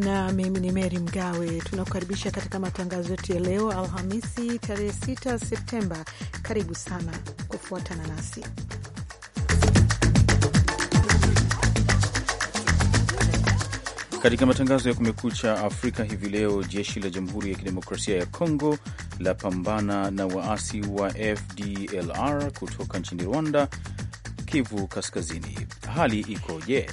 na mimi ni Meri Mgawe. Tunakukaribisha katika matangazo yetu ya leo Alhamisi, tarehe 6 Septemba. Karibu sana kufuatana nasi katika matangazo ya Kumekucha Afrika hivi leo. Jeshi la Jamhuri ya Kidemokrasia ya Kongo la pambana na waasi wa FDLR kutoka nchini Rwanda, Kivu Kaskazini. Hali ikoje?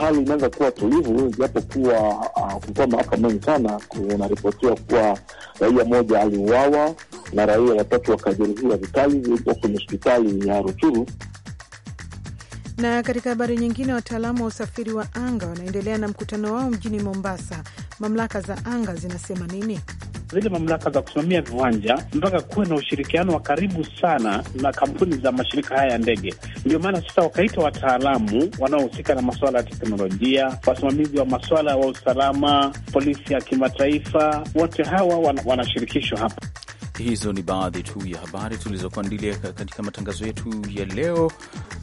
hali inaanza kuwa tulivu, japo kuwa uh, ah, kulikuwa maafa mengi sana. Kunaripotiwa kuwa raia moja aliuawa na raia watatu wakajeruhiwa vikali, vilikuwa kwenye hospitali ya Ruchuru. Na katika habari nyingine, wataalamu wa usafiri wa anga wanaendelea na mkutano wao mjini Mombasa. Mamlaka za anga zinasema nini? zile mamlaka za kusimamia viwanja mpaka kuwe na ushirikiano wa karibu sana na kampuni za mashirika haya ya ndege. Ndio maana sasa wakaita wataalamu wanaohusika na masuala ya teknolojia, wasimamizi wa masuala wa usalama, polisi ya kimataifa, wote hawa wanashirikishwa hapa. Hizo ni baadhi tu ya habari tulizokuandilia katika matangazo yetu ya leo,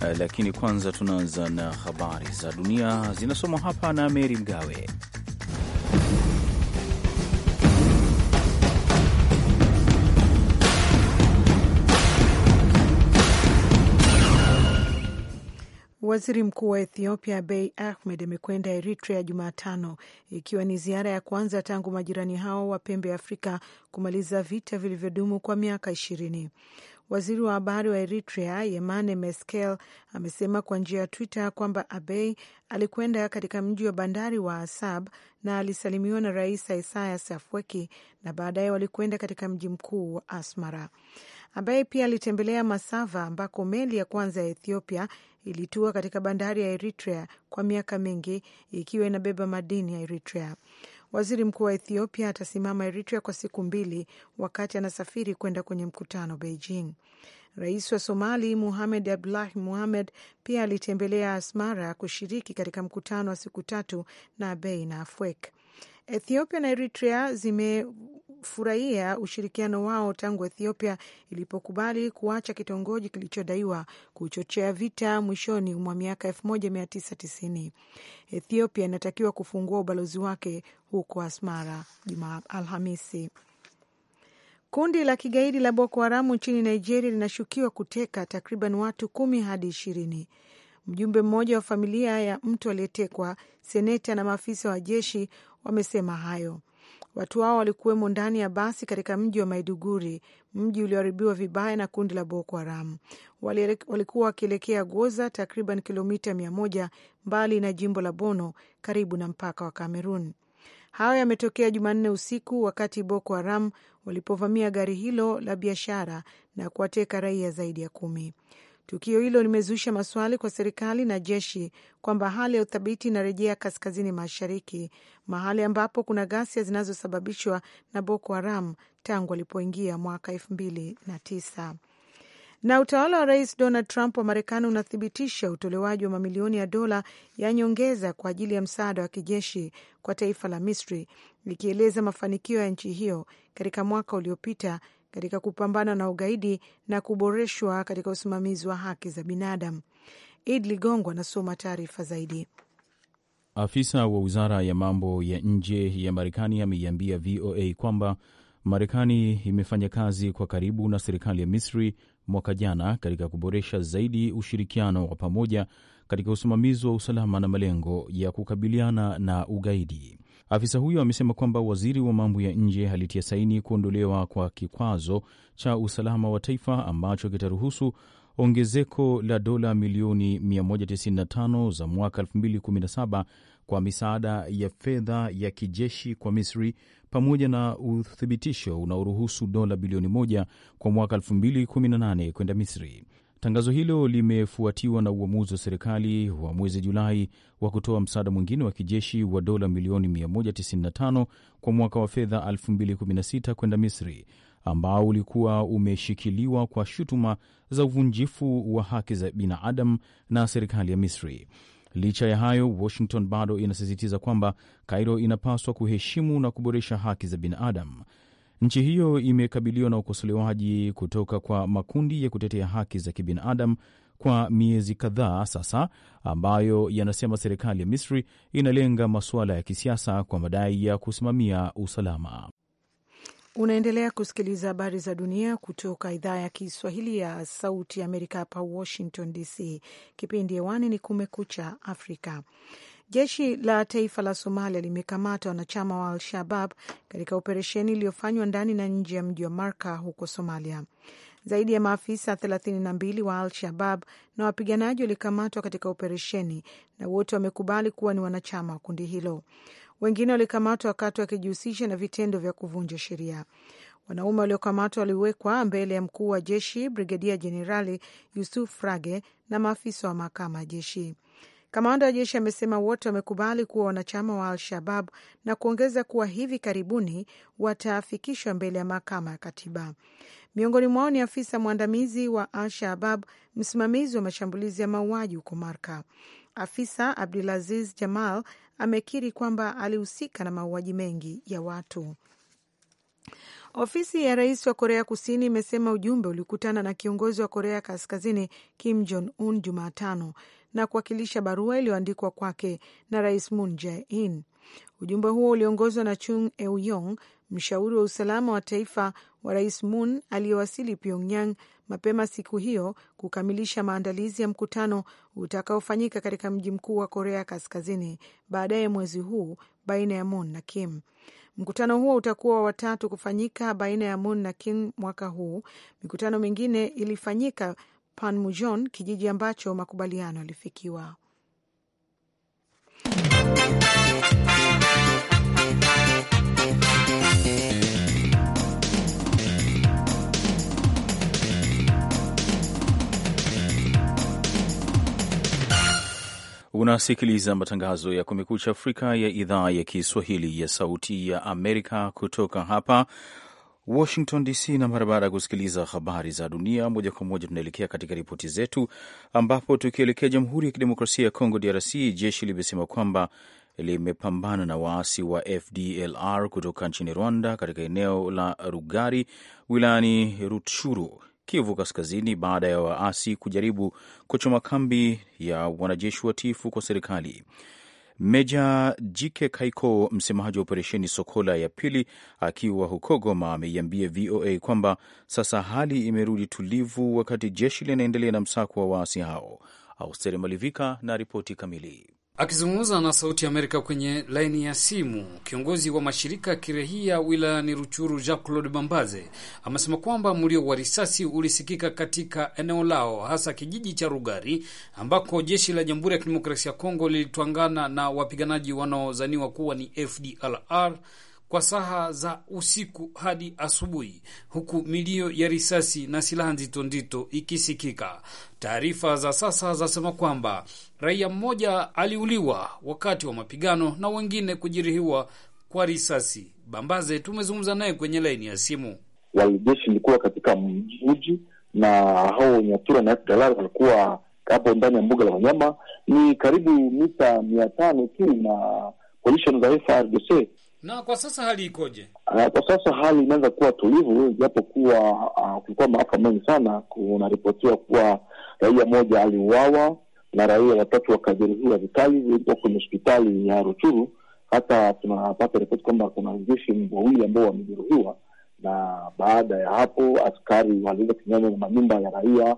eh, lakini kwanza tunaanza na habari za dunia zinasomwa hapa na Meri Mgawe. Waziri Mkuu wa Ethiopia Abiy Ahmed amekwenda Eritrea Jumatano, ikiwa ni ziara ya kwanza tangu majirani hao wa pembe ya Afrika kumaliza vita vilivyodumu kwa miaka ishirini. Waziri wa habari wa Eritrea Yemane Meskel amesema kwa njia ya Twitter kwamba Abei alikwenda katika mji wa bandari wa Asab na alisalimiwa na Rais Isaias Afwerki na baadaye walikwenda katika mji mkuu wa Asmara. Abei pia alitembelea Masava ambako meli ya kwanza ya Ethiopia ilitua katika bandari ya Eritrea kwa miaka mingi ikiwa inabeba madini ya Eritrea. Waziri mkuu wa Ethiopia atasimama Eritrea kwa siku mbili wakati anasafiri kwenda kwenye mkutano Beijing. Rais wa Somali Muhamed Abdullahi Muhamed pia alitembelea Asmara kushiriki katika mkutano wa siku tatu na bei na afwek Ethiopia na Eritrea zime furahia ushirikiano wao tangu Ethiopia ilipokubali kuacha kitongoji kilichodaiwa kuchochea vita mwishoni mwa miaka 1990. Ethiopia inatakiwa kufungua ubalozi wake huko Asmara juma Alhamisi. Kundi la kigaidi la Boko Haramu nchini Nigeria linashukiwa kuteka takriban watu kumi hadi ishirini. Mjumbe mmoja wa familia ya mtu aliyetekwa, seneta na maafisa wa jeshi wamesema hayo. Watu hao walikuwemo ndani ya basi katika mji wa Maiduguri, mji ulioharibiwa vibaya na kundi la Boko Haram. Walikuwa wakielekea Goza, takriban kilomita mia moja mbali na jimbo la Bono, karibu na mpaka wa Kamerun. Hayo yametokea Jumanne usiku wakati Boko Haram walipovamia gari hilo la biashara na kuwateka raia zaidi ya kumi. Tukio hilo limezusha maswali kwa serikali na jeshi kwamba hali ya uthabiti inarejea kaskazini mashariki, mahali ambapo kuna ghasia zinazosababishwa na Boko Haram tangu alipoingia mwaka elfu mbili na tisa na utawala wa rais Donald Trump wa Marekani unathibitisha utolewaji wa mamilioni ya dola ya nyongeza kwa ajili ya msaada wa kijeshi kwa taifa la Misri likieleza mafanikio ya nchi hiyo katika mwaka uliopita katika kupambana na ugaidi na kuboreshwa katika usimamizi wa haki za binadamu. Id Ligongo anasoma taarifa zaidi. Afisa wa wizara ya mambo ya nje ya Marekani ameiambia VOA kwamba Marekani imefanya kazi kwa karibu na serikali ya Misri mwaka jana katika kuboresha zaidi ushirikiano wa pamoja katika usimamizi wa usalama na malengo ya kukabiliana na ugaidi. Afisa huyo amesema kwamba waziri wa mambo ya nje alitia saini kuondolewa kwa kikwazo cha usalama wa taifa ambacho kitaruhusu ongezeko la dola milioni 195 za mwaka 2017 kwa misaada ya fedha ya kijeshi kwa Misri pamoja na uthibitisho unaoruhusu dola bilioni moja kwa mwaka 2018 kwenda Misri. Tangazo hilo limefuatiwa na uamuzi wa serikali wa mwezi Julai wa kutoa msaada mwingine wa kijeshi wa dola milioni 195 kwa mwaka wa fedha 2016 kwenda Misri, ambao ulikuwa umeshikiliwa kwa shutuma za uvunjifu wa haki za binadamu na serikali ya Misri. Licha ya hayo, Washington bado inasisitiza kwamba Kairo inapaswa kuheshimu na kuboresha haki za binadamu. Nchi hiyo imekabiliwa na ukosolewaji kutoka kwa makundi ya kutetea haki za kibinadamu kwa miezi kadhaa sasa, ambayo yanasema serikali ya Misri inalenga masuala ya kisiasa kwa madai ya kusimamia usalama. Unaendelea kusikiliza habari za dunia kutoka idhaa ya Kiswahili ya Sauti ya Amerika, hapa Washington DC. Kipindi hewani ni Kumekucha Afrika. Jeshi la taifa la Somalia limekamata wanachama wa Al-Shabab katika operesheni iliyofanywa ndani na nje ya mji wa Marka huko Somalia. Zaidi ya maafisa 32 wa Al-Shabab na wapiganaji walikamatwa katika operesheni na wote wamekubali kuwa ni wanachama wa kundi hilo. Wengine walikamatwa wakati wakijihusisha na vitendo vya kuvunja sheria. Wanaume waliokamatwa waliwekwa mbele ya mkuu wa jeshi Brigedia Jenerali Yusuf Rage na maafisa wa mahakama ya jeshi. Kamanda wa jeshi amesema wote wamekubali kuwa wanachama wa Al-Shabab na kuongeza kuwa hivi karibuni wataafikishwa mbele ya mahakama ya katiba. Miongoni mwao ni afisa mwandamizi wa Al-Shabab, msimamizi wa mashambulizi ya mauaji huko Marka. Afisa Abdulaziz Jamal amekiri kwamba alihusika na mauaji mengi ya watu. Ofisi ya rais wa Korea Kusini imesema ujumbe ulikutana na kiongozi wa Korea Kaskazini Kim Jong Un Jumatano na kuwakilisha barua iliyoandikwa kwake na rais Moon Jae-in. Ujumbe huo uliongozwa na Chung Euyong, mshauri wa usalama wa taifa wa rais Moon aliyewasili Pyongyang mapema siku hiyo kukamilisha maandalizi ya mkutano utakaofanyika katika mji mkuu wa Korea Kaskazini baadaye mwezi huu baina ya Moon na Kim. Mkutano huo utakuwa watatu kufanyika baina ya Moon na kin mwaka huu. Mikutano mingine ilifanyika Panmunjom, kijiji ambacho makubaliano yalifikiwa. Unasikiliza matangazo ya Kumekucha Afrika ya idhaa ya Kiswahili ya Sauti ya Amerika kutoka hapa Washington DC. Na mara baada ya kusikiliza habari za dunia moja kwa moja, tunaelekea katika ripoti zetu, ambapo tukielekea Jamhuri ya Kidemokrasia ya Kongo, DRC, jeshi limesema kwamba limepambana na waasi wa FDLR kutoka nchini Rwanda katika eneo la Rugari wilayani Rutshuru Kivu Kaskazini baada ya waasi kujaribu kuchoma kambi ya wanajeshi watifu kwa serikali. Meja Jike Kaiko, msemaji wa operesheni Sokola ya pili, akiwa huko Goma, ameiambia VOA kwamba sasa hali imerudi tulivu, wakati jeshi linaendelea na msako wa waasi hao. Austeri Malivika na ripoti kamili. Akizungumza na Sauti ya Amerika kwenye laini ya simu, kiongozi wa mashirika ya kirahia wilayani Ruchuru, Jacques Claude Bambaze, amesema kwamba mlio wa risasi ulisikika katika eneo lao, hasa kijiji cha Rugari ambako jeshi la Jamhuri ya Kidemokrasia ya Kongo lilitwangana na wapiganaji wanaozaniwa kuwa ni FDLR kwa saha za usiku hadi asubuhi, huku milio ya risasi na silaha nzito nzito ikisikika. Taarifa za sasa zasema kwamba raia mmoja aliuliwa wakati wa mapigano na wengine kujeruhiwa kwa risasi. Bambaze tumezungumza naye kwenye laini ya simu. Wanajeshi ilikuwa katika mji na hao wenye Atura na Galala walikuwa hapo ndani ya mbuga la wanyama, ni karibu mita mia tano tu na position za FARDC na kwa sasa hali ikoje? Uh, kwa sasa hali imeanza kuwa tulivu, kuwa uh, ah, kulikuwa maafa mengi sana. Kunaripotiwa kuwa raia moja aliuawa na raia watatu wakajeruhiwa vikali walipo kwenye hospitali ya Ruchuru. Hata tunapata ripoti kwamba kuna wanajeshi wawili ambao wamejeruhiwa, na baada ya hapo askari waliweza kunyanya manyumba ya raia,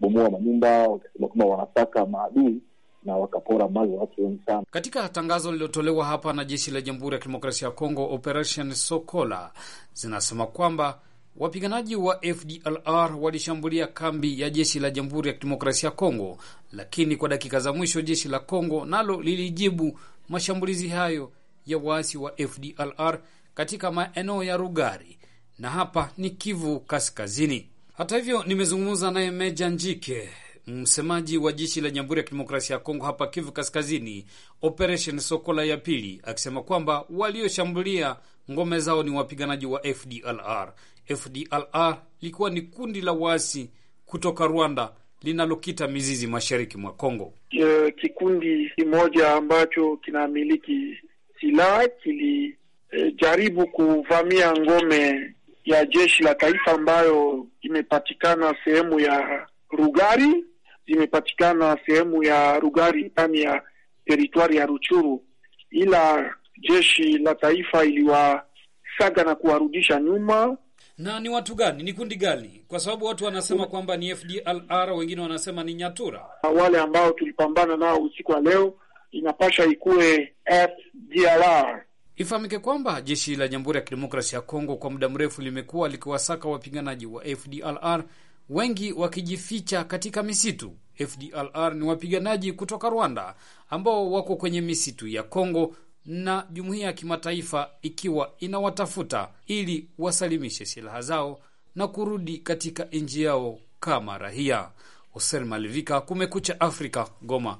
bomoa manyumba, wakisema kwamba wanataka maadui na wakapora mali watu wengi sana. Katika tangazo lililotolewa hapa na jeshi la Jamhuri ya Kidemokrasia ya Kongo, Operation Sokola zinasema kwamba wapiganaji wa FDLR walishambulia kambi ya jeshi la Jamhuri ya Kidemokrasia ya Kongo, lakini kwa dakika za mwisho jeshi la Kongo nalo lilijibu mashambulizi hayo ya waasi wa FDLR katika maeneo ya Rugari na hapa ni Kivu Kaskazini. Hata hivyo, nimezungumza naye Meja Njike Msemaji wa jeshi la Jamhuri ya Kidemokrasia ya Kongo hapa Kivu Kaskazini, Operation Sokola ya pili, akisema kwamba walioshambulia ngome zao ni wapiganaji wa FDLR. FDLR likuwa ni kundi la waasi kutoka Rwanda linalokita mizizi mashariki mwa Kongo. Eh, kikundi kimoja ambacho kinamiliki silaha kilijaribu eh, e, kuvamia ngome ya jeshi la taifa ambayo imepatikana sehemu ya Rugari zimepatikana sehemu ya Rugari ndani ya teritwari ya Ruchuru, ila jeshi la taifa iliwasaga na kuwarudisha nyuma. Na ni watu gani? Ni kundi gani? Kwa sababu watu wanasema kwamba ni FDLR, wengine wanasema ni Nyatura. Wale ambao tulipambana nao usiku wa leo inapasha ikuwe FDLR. Ifahamike kwamba jeshi la Jamhuri ya Kidemokrasia ya Kongo kwa muda mrefu limekuwa likiwasaka wapiganaji wa FDLR wengi wakijificha katika misitu. FDLR ni wapiganaji kutoka Rwanda ambao wako kwenye misitu ya Kongo na jumuiya ya kimataifa ikiwa inawatafuta ili wasalimishe silaha zao na kurudi katika nchi yao kama rahia Hosen Malivika, Kumekucha Afrika, Goma.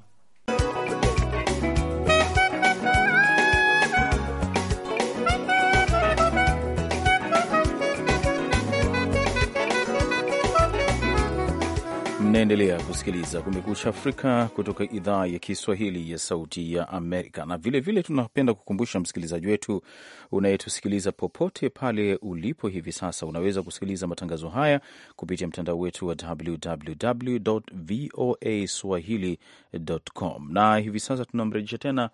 Unaendelea kusikiliza Kumekucha Afrika kutoka idhaa ya Kiswahili ya Sauti ya Amerika, na vilevile vile tunapenda kukumbusha msikilizaji wetu unayetusikiliza popote pale ulipo hivi sasa, unaweza kusikiliza matangazo haya kupitia mtandao wetu wa www voa swahili.com, na hivi sasa tunamrejesha tena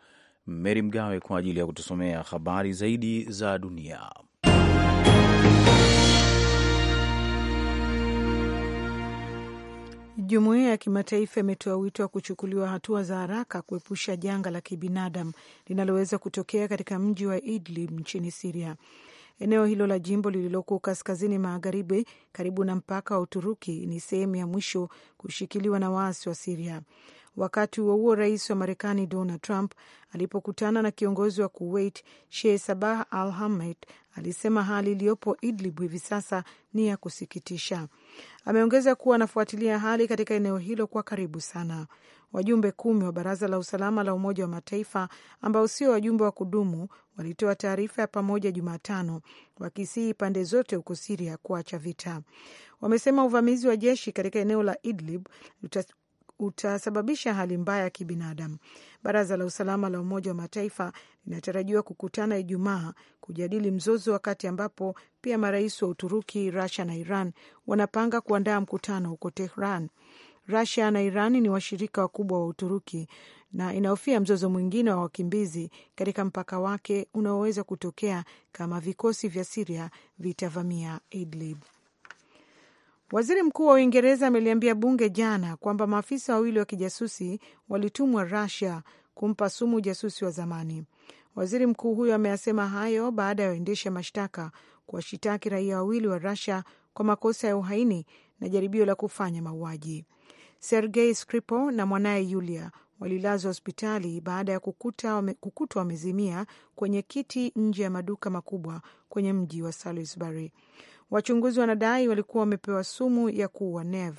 Meri Mgawe kwa ajili ya kutusomea habari zaidi za dunia. Jumuiya ya kimataifa imetoa wito wa kuchukuliwa hatua za haraka kuepusha janga la kibinadamu linaloweza kutokea katika mji wa Idlib nchini Siria. Eneo hilo la jimbo lililoko kaskazini magharibi karibu na mpaka wa Uturuki ni sehemu ya mwisho kushikiliwa na waasi wa Siria. Wakati huo huo, rais wa Marekani Donald Trump alipokutana na kiongozi wa Kuwait Sheikh Sabah Al hamed alisema hali iliyopo Idlib hivi sasa ni ya kusikitisha. Ameongeza kuwa anafuatilia hali katika eneo hilo kwa karibu sana. Wajumbe kumi wa Baraza la Usalama la Umoja wa Mataifa ambao sio wajumbe wa kudumu walitoa taarifa ya pamoja Jumatano wakisihi pande zote huko Siria kuacha vita. Wamesema uvamizi wa jeshi katika eneo la Idlib utasababisha hali mbaya ya kibinadamu. Baraza la usalama la Umoja wa Mataifa linatarajiwa kukutana Ijumaa kujadili mzozo, wakati ambapo pia marais wa Uturuki, Rusia na Iran wanapanga kuandaa mkutano huko Tehran. Rusia na Iran ni washirika wakubwa wa Uturuki na inahofia mzozo mwingine wa wakimbizi katika mpaka wake unaoweza kutokea kama vikosi vya Siria vitavamia Idlib. Waziri Mkuu wa Uingereza ameliambia bunge jana kwamba maafisa wawili wa kijasusi walitumwa Rusia kumpa sumu jasusi wa zamani. Waziri mkuu huyo ameyasema hayo baada ya waendesha mashtaka kuwashitaki raia wawili wa Rusia kwa makosa ya uhaini na jaribio la kufanya mauaji. Sergei Skripal na mwanaye Yulia walilazwa hospitali baada ya kukutwa wamezimia kwenye kiti nje ya maduka makubwa kwenye mji wa Salisbury. Wachunguzi wanadai walikuwa wamepewa sumu ya kuua Nev.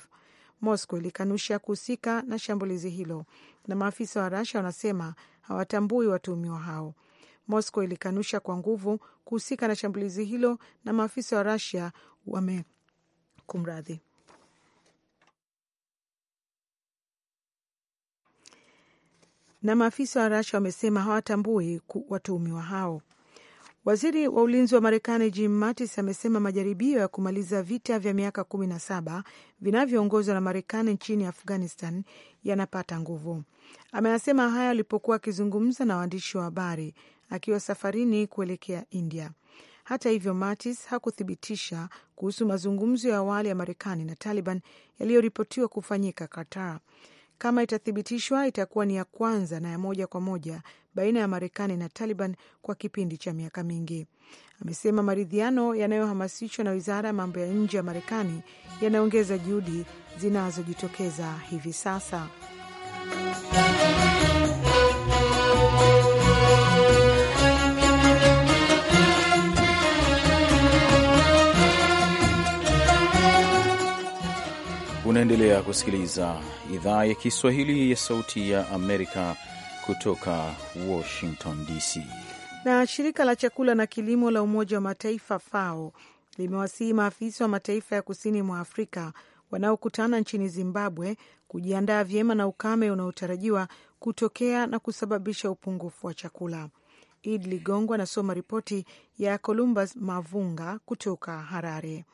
Moscow ilikanusha kuhusika na shambulizi hilo na maafisa wa Russia wanasema hawatambui watuhumiwa hao. Moscow ilikanusha kwa nguvu kuhusika na shambulizi hilo na maafisa wa Rasia wame kumradhi na maafisa wa Rasha wamesema hawatambui watuhumiwa hao. Waziri wa ulinzi wa Marekani Jim Mattis amesema majaribio ya kumaliza vita vya miaka kumi na saba vinavyoongozwa na Marekani nchini Afghanistan yanapata nguvu. Ameyasema haya alipokuwa akizungumza na waandishi wa habari akiwa safarini kuelekea India. Hata hivyo, Mattis hakuthibitisha kuhusu mazungumzo ya awali ya Marekani na Taliban yaliyoripotiwa kufanyika Qatar. Kama itathibitishwa, itakuwa ni ya kwanza na ya moja kwa moja baina ya Marekani na Taliban kwa kipindi cha miaka mingi. Amesema maridhiano yanayohamasishwa na wizara ya mambo ya nje ya Marekani yanaongeza juhudi zinazojitokeza hivi sasa. Unaendelea kusikiliza idhaa ya Kiswahili ya Sauti ya Amerika kutoka Washington DC. Na shirika la chakula na kilimo la Umoja wa Mataifa FAO limewasihi maafisa wa mataifa ya kusini mwa Afrika wanaokutana nchini Zimbabwe kujiandaa vyema na ukame unaotarajiwa kutokea na kusababisha upungufu wa chakula. Id Ligongo anasoma ripoti ya Columbus Mavunga kutoka Harare.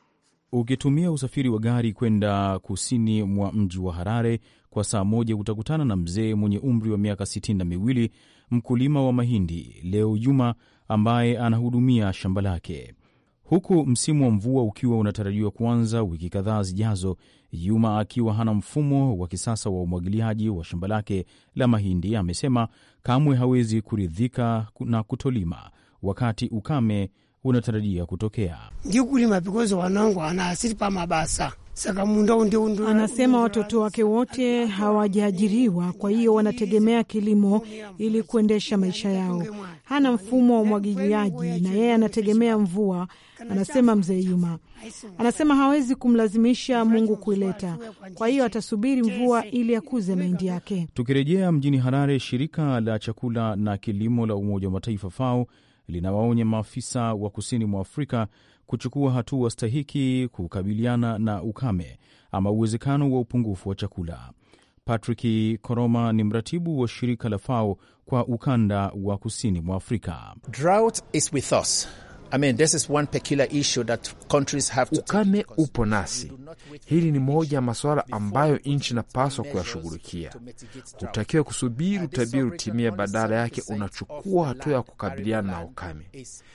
Ukitumia usafiri wa gari kwenda kusini mwa mji wa Harare kwa saa moja utakutana na mzee mwenye umri wa miaka sitini na miwili, mkulima wa mahindi Leo Juma, ambaye anahudumia shamba lake. Huku msimu wa mvua ukiwa unatarajiwa kuanza wiki kadhaa zijazo, Yuma akiwa hana mfumo wa kisasa wa umwagiliaji wa shamba lake la mahindi, amesema kamwe hawezi kuridhika na kutolima wakati ukame unatarajia kutokea. Anasema watoto wake wote hawajaajiriwa, kwa hiyo wanategemea kilimo ili kuendesha maisha yao. Hana mfumo wa umwagiliaji na yeye anategemea mvua, anasema mzee Yuma. Anasema hawezi kumlazimisha Mungu kuileta, kwa hiyo atasubiri mvua ili akuze mahindi yake. Tukirejea mjini Harare, shirika la chakula na kilimo la Umoja wa Mataifa FAO linawaonya maafisa wa kusini mwa Afrika kuchukua hatua stahiki kukabiliana na ukame ama uwezekano wa upungufu wa chakula. Patrick Koroma ni mratibu wa shirika la FAO kwa ukanda wa kusini mwa Afrika. Drought is with us. I mean, this is one peculiar issue that countries have to ukame upo nasi. Hili ni moja ya masuala ambayo nchi inapaswa kuyashughulikia. Hutakiwe kusubiri utabiri utimie, badala yake unachukua hatua ya kukabiliana na ukame.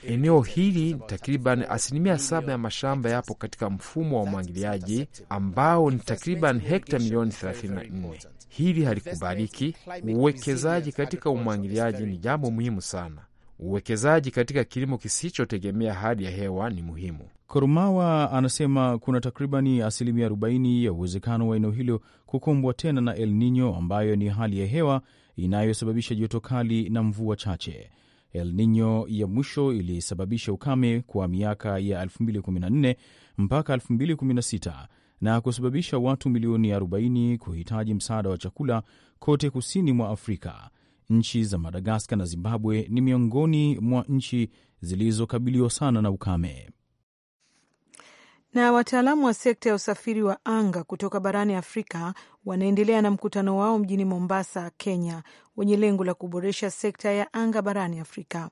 Eneo hili ni takriban asilimia saba ya mashamba yapo katika mfumo wa umwagiliaji ambao ni takriban hekta milioni 34. Hili halikubaliki. Uwekezaji katika umwagiliaji ni jambo muhimu sana. Uwekezaji katika kilimo kisichotegemea hali ya hewa ni muhimu. Korumawa anasema kuna takribani asilimia 40 ya uwezekano wa eneo hilo kukumbwa tena na El Nino, ambayo ni hali ya hewa inayosababisha joto kali na mvua chache. El Nino ya mwisho ilisababisha ukame kwa miaka ya 2014 mpaka 2016 na kusababisha watu milioni 40 kuhitaji msaada wa chakula kote kusini mwa Afrika. Nchi za Madagaskar na Zimbabwe ni miongoni mwa nchi zilizokabiliwa sana na ukame. Na wataalamu wa sekta ya usafiri wa anga kutoka barani Afrika wanaendelea na mkutano wao mjini Mombasa, Kenya, wenye lengo la kuboresha sekta ya anga barani Afrika.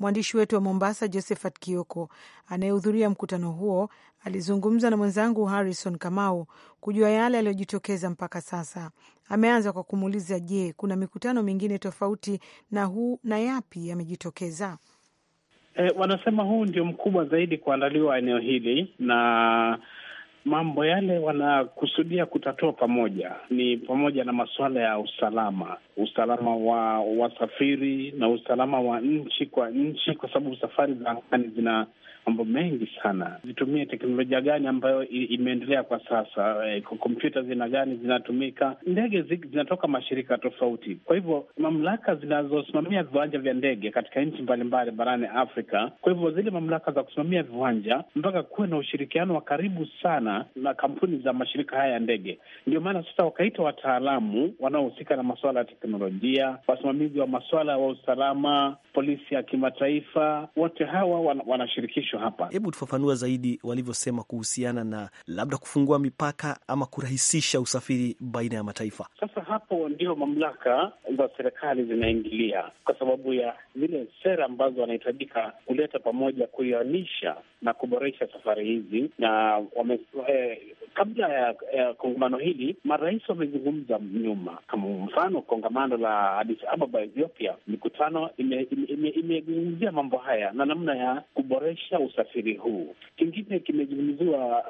Mwandishi wetu wa Mombasa, Josephat Kioko, anayehudhuria mkutano huo, alizungumza na mwenzangu Harrison Kamau kujua yale yaliyojitokeza mpaka sasa. Ameanza kwa kumuuliza, je, kuna mikutano mingine tofauti na huu na yapi yamejitokeza? E, wanasema huu ndio mkubwa zaidi kuandaliwa eneo hili na mambo yale wanakusudia kutatua pamoja ni pamoja na masuala ya usalama usalama wa wasafiri na usalama wa nchi kwa nchi, kwa sababu safari za angani zina mambo mengi sana. Zitumie teknolojia gani ambayo imeendelea kwa sasa? Eh, kompyuta zina gani zinatumika? Ndege zinatoka mashirika tofauti. Kwa hivyo mamlaka zinazosimamia viwanja vya ndege katika nchi mbalimbali barani Afrika, kwa hivyo zile mamlaka za kusimamia viwanja, mpaka kuwe na ushirikiano wa karibu sana na kampuni za mashirika haya ya ndege. Ndio maana sasa wakaita wataalamu wanaohusika na masuala ya teknolojia, wasimamizi wa maswala wa usalama, polisi ya kimataifa, wote hawa wanashirikishwa hapa. Hebu tufafanua zaidi walivyosema kuhusiana na labda kufungua mipaka ama kurahisisha usafiri baina ya mataifa. Sasa hapo ndio mamlaka za serikali zinaingilia kwa sababu ya zile sera ambazo wanahitajika kuleta pamoja, kuianisha na kuboresha safari hizi na wame, eh, kabla ya, ya kongamano hili marais wamezungumza nyuma, kama mfano kongamano la Addis Ababa Ethiopia, mikutano imezungumzia ime, ime, ime mambo haya na namna ya kuboresha usafiri huu. Kingine kimezungumziwa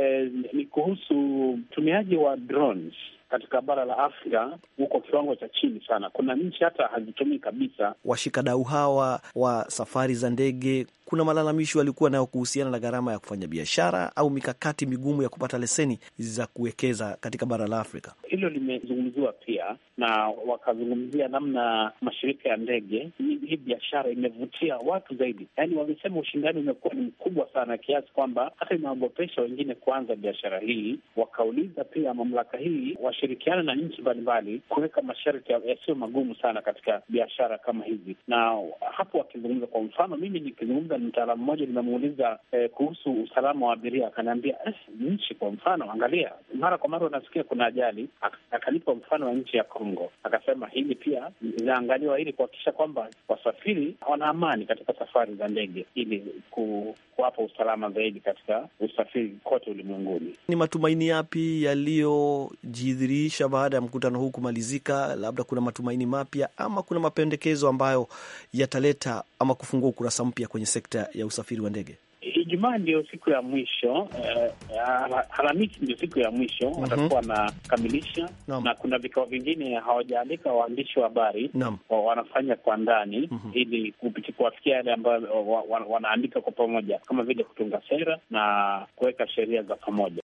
eh, eh ni kuhusu utumiaji wa drones katika bara la Afrika huko kiwango cha chini sana. Kuna nchi hata hazitumii kabisa. Washikadau hawa wa safari za ndege kuna malalamisho yalikuwa nayo kuhusiana na gharama ya kufanya biashara au mikakati migumu ya kupata leseni za kuwekeza katika bara la Afrika. Hilo limezungumziwa pia na wakazungumzia namna mashirika ya ndege, hii biashara imevutia watu zaidi, yaani wamesema ushindani umekuwa ni mkubwa sana kiasi kwamba hata imeogopesha wengine kuanza biashara hii. Wakauliza pia mamlaka hii washirikiana na nchi mbalimbali kuweka masharti yasiyo magumu sana katika biashara kama hizi, na hapo wakizungumza, kwa mfano mimi nikizungumza mtaalamu mmoja nimemuuliza eh, kuhusu usalama wa abiria, akaniambia eh, nchi kwa mfano, angalia, mara kwa mara unasikia kuna ajali. Akanipa mfano wa nchi ya Kongo, akasema hili pia inaangaliwa ili kuhakikisha kwamba wasafiri wana amani katika safari za ndege, ili ku, kuwapa usalama zaidi katika usafiri kote ulimwenguni. Ni matumaini yapi yaliyojidhirisha baada ya mkutano huu kumalizika? Labda kuna matumaini mapya ama kuna mapendekezo ambayo yataleta ama kufungua ukurasa mpya kwenye sekta sekta ya usafiri wa ndege? Ijumaa ndio siku ya mwisho eh, eh Alhamisi ndio siku ya mwisho mhm. watakuwa mm -hmm. wanakamilisha no. na kuna vikao vingine hawajaandika waandishi wa habari no. wanafanya kwa ndani mm -hmm. ili kuwafikia yale ambayo wanaandika kwa pamoja, kama vile kutunga sera na kuweka sheria za pamoja.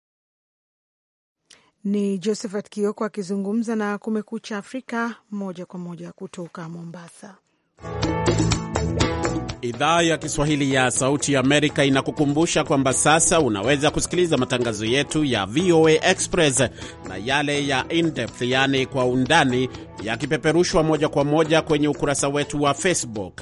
Ni Josephat Kioko akizungumza na Kumekucha Afrika moja kwa moja kutoka Mombasa. Idhaa ya Kiswahili ya Sauti ya Amerika inakukumbusha kwamba sasa unaweza kusikiliza matangazo yetu ya VOA Express na yale ya in-depth, yaani kwa undani, yakipeperushwa moja kwa moja kwenye ukurasa wetu wa Facebook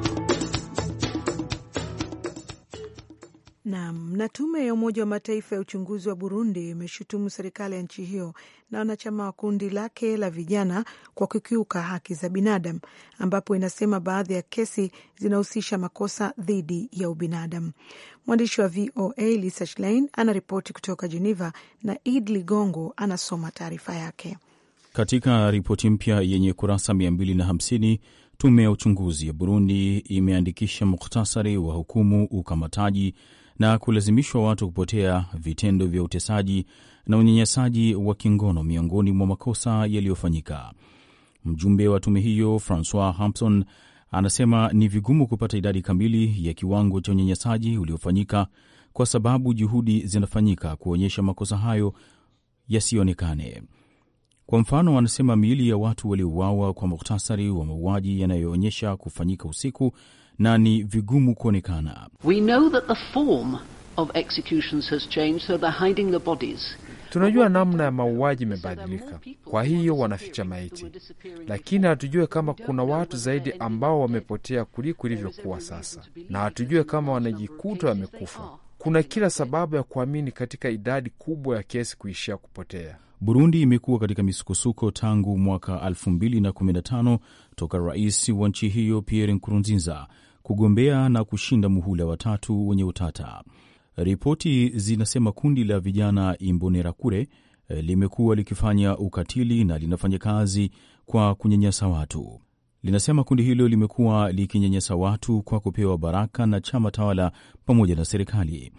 Na tume ya Umoja wa Mataifa ya uchunguzi wa Burundi imeshutumu serikali ya nchi hiyo na wanachama wa kundi lake la vijana kwa kukiuka haki za binadamu, ambapo inasema baadhi ya kesi zinahusisha makosa dhidi ya ubinadamu. Mwandishi wa VOA Lisa Schlein anaripoti kutoka Geneva na Id Ligongo anasoma taarifa yake. Katika ripoti mpya yenye kurasa 250 tume ya uchunguzi ya Burundi imeandikisha muktasari wa hukumu, ukamataji na kulazimishwa watu kupotea, vitendo vya utesaji na unyanyasaji wa kingono miongoni mwa makosa yaliyofanyika. Mjumbe wa tume hiyo Francois Hampson anasema ni vigumu kupata idadi kamili ya kiwango cha unyanyasaji uliofanyika kwa sababu juhudi zinafanyika kuonyesha makosa hayo yasionekane. Kwa mfano, anasema miili ya watu waliouawa kwa muhtasari wa mauaji yanayoonyesha kufanyika usiku na ni vigumu kuonekana. Tunajua namna ya mauaji imebadilika, kwa hiyo wanaficha maiti, lakini hatujue kama kuna watu zaidi ambao wamepotea kuliko ilivyokuwa sasa, na hatujue kama wanajikuta wamekufa. Kuna kila sababu ya kuamini katika idadi kubwa ya kesi kuishia kupotea. Burundi imekuwa katika misukosuko tangu mwaka 2015 toka rais wa nchi hiyo Pierre Nkurunziza kugombea na kushinda muhula watatu wenye utata. Ripoti zinasema kundi la vijana Imbonerakure eh, limekuwa likifanya ukatili na linafanya kazi kwa kunyanyasa watu. Linasema kundi hilo limekuwa likinyanyasa watu kwa kupewa baraka na chama tawala pamoja na serikali.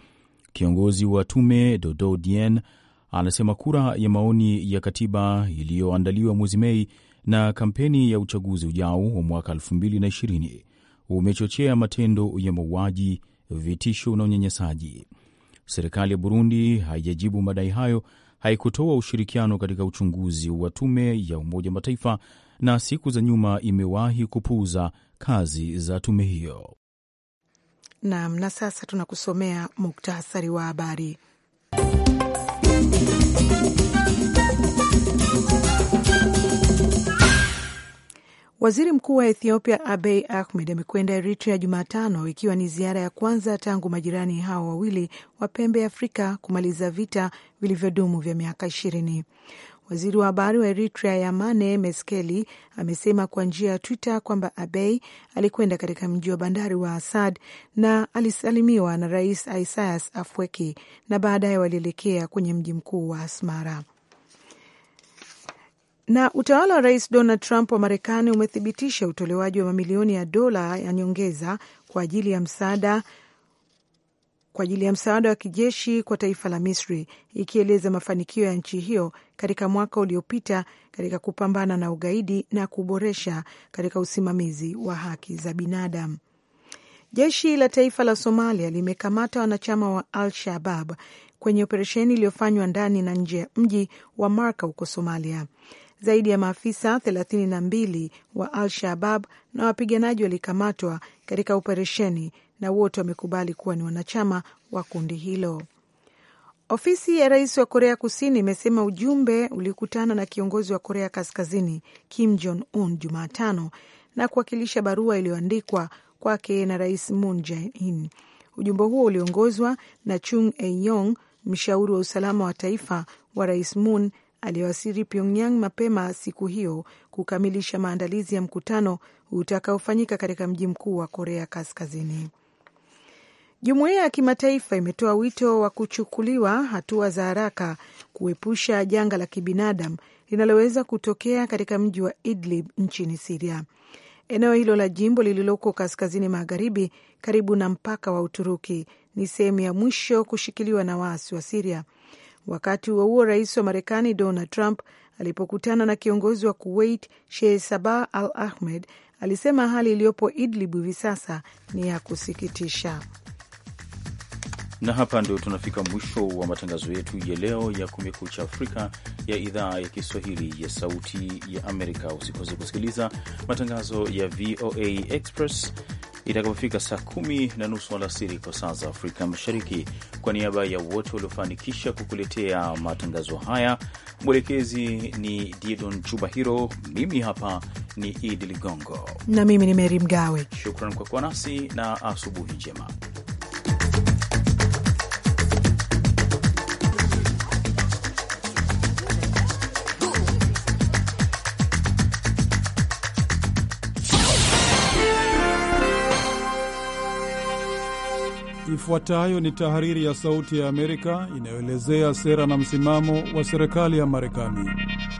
Kiongozi wa tume Dodo Dien anasema kura ya maoni ya katiba iliyoandaliwa mwezi Mei na kampeni ya uchaguzi ujao wa mwaka 2020 umechochea matendo ya mauaji, vitisho na unyanyasaji. Serikali ya Burundi haijajibu madai hayo, haikutoa ushirikiano katika uchunguzi wa tume ya Umoja wa Mataifa na siku za nyuma imewahi kupuuza kazi za tume hiyo. Naam, na sasa tunakusomea muktasari wa habari. Waziri mkuu wa Ethiopia abei Ahmed amekwenda Eritrea Jumatano, ikiwa ni ziara ya kwanza tangu majirani hao wawili wa pembe Afrika kumaliza vita vilivyodumu vya miaka ishirini. Waziri wa habari wa Eritrea Yamane Meskeli amesema kwa njia ya Twitter kwamba Abei alikwenda katika mji wa bandari wa Asad na alisalimiwa na Rais Isaias afweki na baadaye walielekea kwenye mji mkuu wa Asmara. Na utawala wa Rais Donald Trump wa Marekani umethibitisha utolewaji wa mamilioni ya dola ya nyongeza kwa ajili ya msaada kwa ajili ya msaada wa kijeshi kwa taifa la Misri, ikieleza mafanikio ya nchi hiyo katika mwaka uliopita katika kupambana na ugaidi na kuboresha katika usimamizi wa haki za binadamu. Jeshi la taifa la Somalia limekamata wanachama wa Al Shabab kwenye operesheni iliyofanywa ndani na nje ya mji wa Marka huko Somalia. Zaidi ya maafisa thelathini na mbili wa Al Shabab na wapiganaji walikamatwa katika operesheni na wote wamekubali kuwa ni wanachama wa kundi hilo. Ofisi ya rais wa Korea Kusini imesema ujumbe ulikutana na kiongozi wa Korea Kaskazini Kim Jong Un Jumatano na kuwakilisha barua iliyoandikwa kwake na rais Moon Jae-in. Ujumbe huo uliongozwa na Chung eyong mshauri wa usalama wa taifa wa rais Moon aliyewasiri Pyongyang mapema siku hiyo kukamilisha maandalizi ya mkutano utakaofanyika katika mji mkuu wa Korea Kaskazini. Jumuiya ya kimataifa imetoa wito wa kuchukuliwa hatua za haraka kuepusha janga la kibinadamu linaloweza kutokea katika mji wa Idlib nchini Siria. Eneo hilo la jimbo lililoko kaskazini magharibi karibu na mpaka wa Uturuki ni sehemu ya mwisho kushikiliwa na waasi wa Siria Wakati huo huo, rais wa Marekani Donald Trump alipokutana na kiongozi wa Kuwait Sheikh Sabah Al Ahmed alisema hali iliyopo Idlib hivi sasa ni ya kusikitisha. Na hapa ndio tunafika mwisho wa matangazo yetu ya leo ya Kumekucha Afrika ya idhaa ya Kiswahili ya Sauti ya Amerika. Usikose kusikiliza matangazo ya VOA Express itakapofika saa kumi na nusu alasiri kwa saa za Afrika Mashariki. Kwa niaba ya wote waliofanikisha kukuletea matangazo haya, mwelekezi ni Didon Chubahiro, mimi hapa ni Idi Ligongo na mimi ni Meri Mgawe. Shukran kwa kuwa nasi na asubuhi njema. Ifuatayo ni tahariri ya Sauti ya Amerika inayoelezea sera na msimamo wa serikali ya Marekani.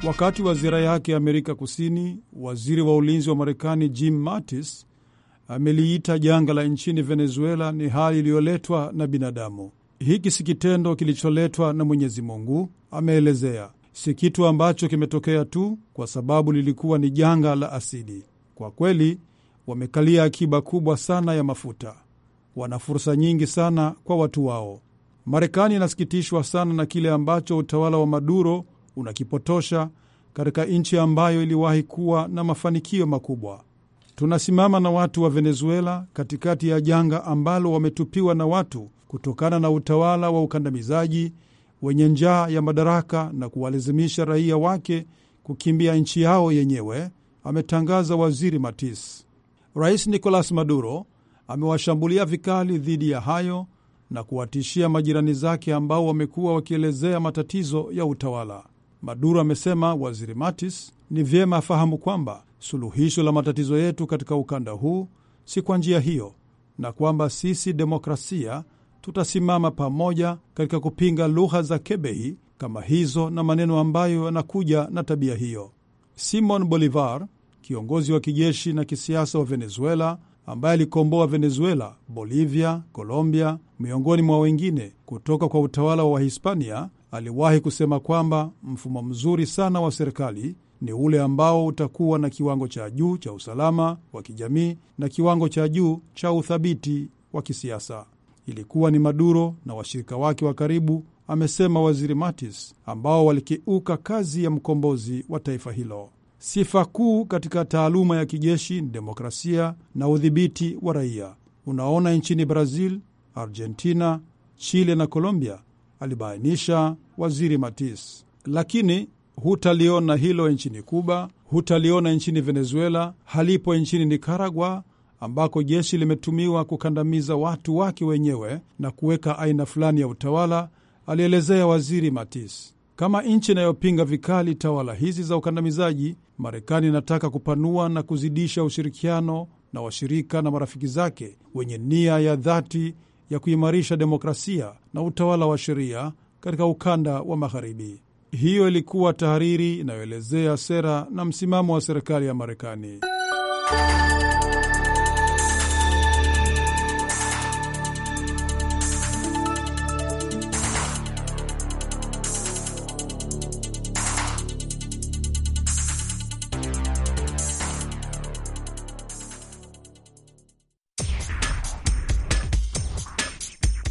Wakati wa ziara yake Amerika Kusini, waziri wa ulinzi wa Marekani Jim Mattis ameliita janga la nchini Venezuela ni hali iliyoletwa na binadamu. Hiki si kitendo kilicholetwa na Mwenyezi Mungu, ameelezea. Si kitu ambacho kimetokea tu, kwa sababu lilikuwa ni janga la asidi. Kwa kweli, wamekalia akiba kubwa sana ya mafuta wana fursa nyingi sana kwa watu wao. Marekani inasikitishwa sana na kile ambacho utawala wa Maduro unakipotosha katika nchi ambayo iliwahi kuwa na mafanikio makubwa. Tunasimama na watu wa Venezuela katikati ya janga ambalo wametupiwa na watu kutokana na utawala wa ukandamizaji wenye njaa ya madaraka na kuwalazimisha raia wake kukimbia nchi yao yenyewe, ametangaza waziri Matis. Rais Nicolas Maduro amewashambulia vikali dhidi ya hayo na kuwatishia majirani zake ambao wamekuwa wakielezea matatizo ya utawala. Maduro amesema waziri Matis ni vyema afahamu kwamba suluhisho la matatizo yetu katika ukanda huu si kwa njia hiyo, na kwamba sisi demokrasia tutasimama pamoja katika kupinga lugha za kebehi kama hizo na maneno ambayo yanakuja na tabia hiyo. Simon Bolivar, kiongozi wa kijeshi na kisiasa wa Venezuela, ambaye alikomboa Venezuela, Bolivia, Colombia, miongoni mwa wengine kutoka kwa utawala wa Wahispania, aliwahi kusema kwamba mfumo mzuri sana wa serikali ni ule ambao utakuwa na kiwango cha juu cha usalama wa kijamii na kiwango cha juu cha uthabiti wa kisiasa. Ilikuwa ni Maduro na washirika wake wa karibu, amesema Waziri matis ambao walikiuka kazi ya mkombozi wa taifa hilo. Sifa kuu katika taaluma ya kijeshi ni demokrasia na udhibiti wa raia. Unaona nchini Brazil, Argentina, Chile na Colombia, alibainisha Waziri Matis. Lakini hutaliona hilo nchini Kuba, hutaliona nchini Venezuela, halipo nchini Nikaragua ambako jeshi limetumiwa kukandamiza watu wake wenyewe na kuweka aina fulani ya utawala, alielezea Waziri Matis. Kama nchi inayopinga vikali tawala hizi za ukandamizaji, Marekani inataka kupanua na kuzidisha ushirikiano na washirika na marafiki zake wenye nia ya dhati ya kuimarisha demokrasia na utawala wa sheria katika ukanda wa Magharibi. Hiyo ilikuwa tahariri inayoelezea sera na msimamo wa serikali ya Marekani.